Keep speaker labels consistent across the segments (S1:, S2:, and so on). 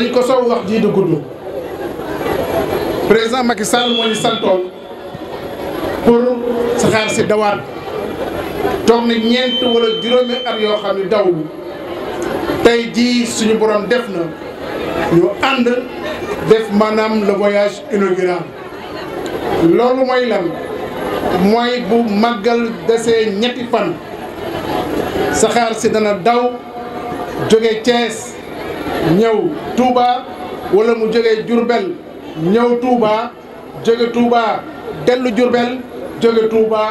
S1: dañ ko soow wax jii du gudd président Macky Sall pour saxaar na ñeent wala juróomi yoo xam ne dawlu tey jii suñu borom def na ànd def maanaam le voyage inaugural loolu mooy lan mooy bu màggal desee ñetti fan saxaar si dana daw jóge Thiès ñëw Touba walla mu jógee jurbel ñëw Touba jóge Touba dellu Diourbel jóge Touba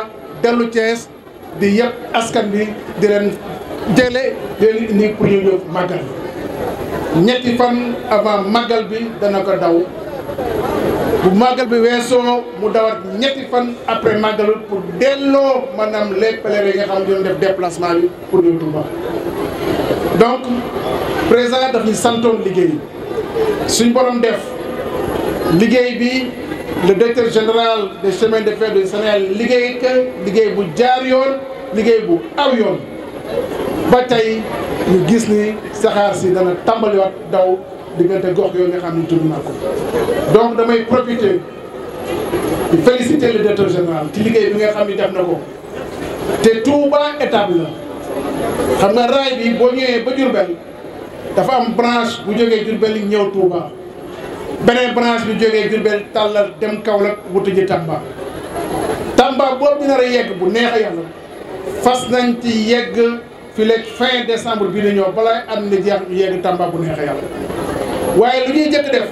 S1: dellu Thiès di yëpp askan bi di leen jële di leen indi ñu ñëw màggal ñetti fan avant màggal bi dana ko daw bu màggal bi weesoo mu dawat ñetti fan après màggal pour delloo maanaam les pèlerins yi nga xam def déplacement bi pour ñu Touba donc président daf ñu santoon liggéey suñ borom def liggéey bi le directeur général des chemins de fer du Sénégal liggéey ka liggéey bu jaar yoon liggéey bu aw yoon ba tey ñu gis ni saxaar si dana tàmbaliwaat daw diggante gox yooyu nga xam ne tudd naa ko donc damay profiter di féliciter le directeur général ci liggéey bi nga xam ni def na ko te Touba étape la xam nga raay bi boo ñëwee ba Diourbel dafa am branche bu jógee Jurbel ñëw Touba beneen branche bu jógee Jurbel tàllal dem Kaolack wutu ji Tamba Tamba boo ñu nar yegg bu neex a yàlla fas nañ ci yegg fi leeg fin décembre bii di ñëw balaa at mi jeex ñu yegg Tamba bu neex a yàlla waaye lu ñuy jëkk def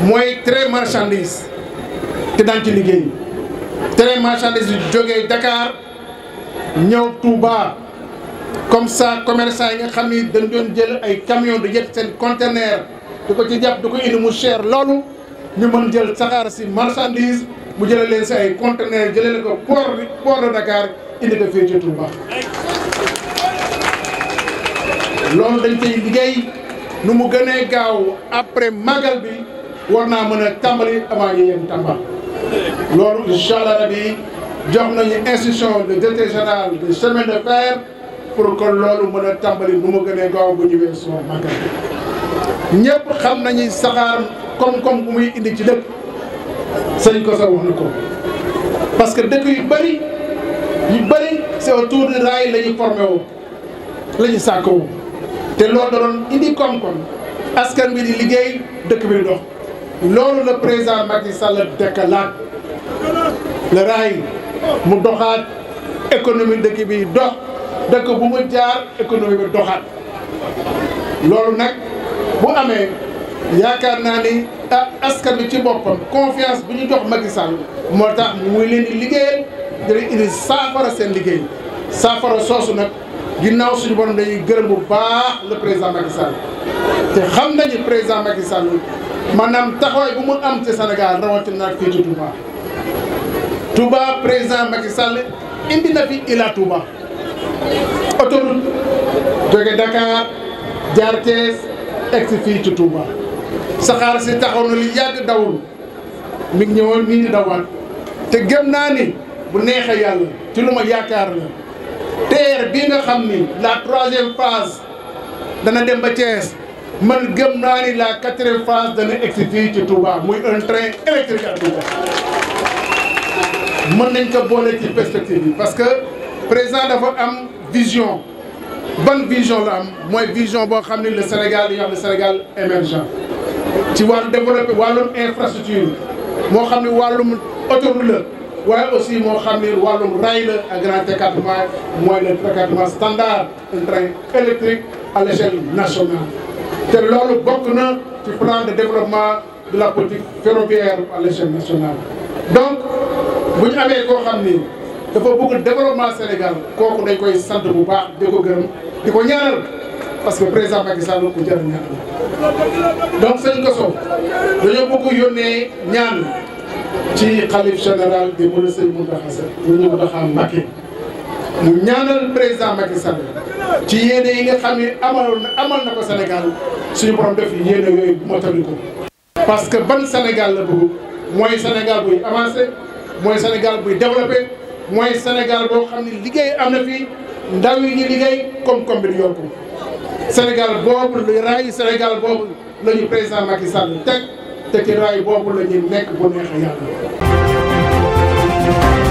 S1: mooy train marchandise te daan ci liggéey train marchandise yu jógee Dakar ñëw Touba. comme ça commercant yi nga xam ni dañ doon jël ay camion di jët seen conteneur du ko ci jàpp du ko indi mu cher loolu ñu mën jël saxaar si marchandise mu jëlee leen si ay conteneur jëlee leen ko port port de Dakar indi ko fii ci Touba loolu dañ koy liggéey nu mu gënee gaaw après magal bi war naa mën a tàmbali avant ñu yem Tamba loolu incha allah rabi jox nañu instruction de directeur général de chemin de fer pour que loolu mën a tàmbali nu mu gënee gaaw bu ñu weesoo màggal ñëpp xam nañu saxaar koom-koom bu muy indi ci dëkk sëñ ko sax wax ko parce que dëkk yu bëri yu bëri c'est autour du rail la ñu formé woo te loolu da doon indi koom-koom askan bi di liggéey dëkk bi dox loolu la président Macky Sall dekkalaat le rail mu doxaat économie dëkk bi dox dëkk bu mu jaar économie bi doxaat loolu nag bu amee yaakaar naa ni ah askan bi ci boppam confiance bu ñu jox Macky Sall moo tax muy leen di liggéeyal dina indi saafara seen liggéey saafara soosu nag ginnaaw suñu borom dañuy gërëm bu baax le président Macky te xam nañu président Macky Sall maanaam taxawaay bu mu am ci Sénégal rawatina ak fii ci Touba président Macky indi na fi Ila Touba. autoroute jóge Dakar jaar Thiès egg si fii ci Touba saxaar si taxaw na lu yàgg dawul mi ngi ñëwoon nii di dawaat te gëm naa ni bu neexee yàlla ci lu ma yaakaar la TER bii nga xam ni la troisième phase dana dem ba Thiès man gëm naa ni la quatrième phase dana ex fii ci Touba muy un train électrique mën nañ ko boole ci perspective bi parce que président dafa am vision bonne vision la am mooy vision boo xam ne le Sénégal dañuy wax le Sénégal émergent ci wàllu développé wàllum infrastructure moo xam ne wàllum autoroute la waaye aussi moo xam ne wàllum rail la grand écartement mooy le écartement standard un train électrique à l'échelle nationale te loolu bokk na ci plan de développement de la politique ferroviaire à l'échelle nationale donc bu amee koo xam ni dafa bëgg développement Sénégal kooku dañ koy sant bu baax di ko gërëm di ko ñaanal parce que président Macky Sall ku jar ñaan donc sëñ Koso dañoo bëgg yónnee ñaan ci xalif général di mën a sëñ Mountakha Sall président Macky Sall ci yéene yi nga xam ne amal na ko Sénégal suñu borom def yéene yooyu mottali ko parce que ban Sénégal la bëgg mooy Sénégal buy avancé mooy Sénégal buy développé mooy Sénégal boo xam ne liggéey am na fi ndaw yi ñu liggéey koom-koom bi di yokku Sénégal boobu raayu Sénégal boobu lañu ñu président Macky Sall teg te ci raayu boobu la ñuy nekk bu neexee yàlla.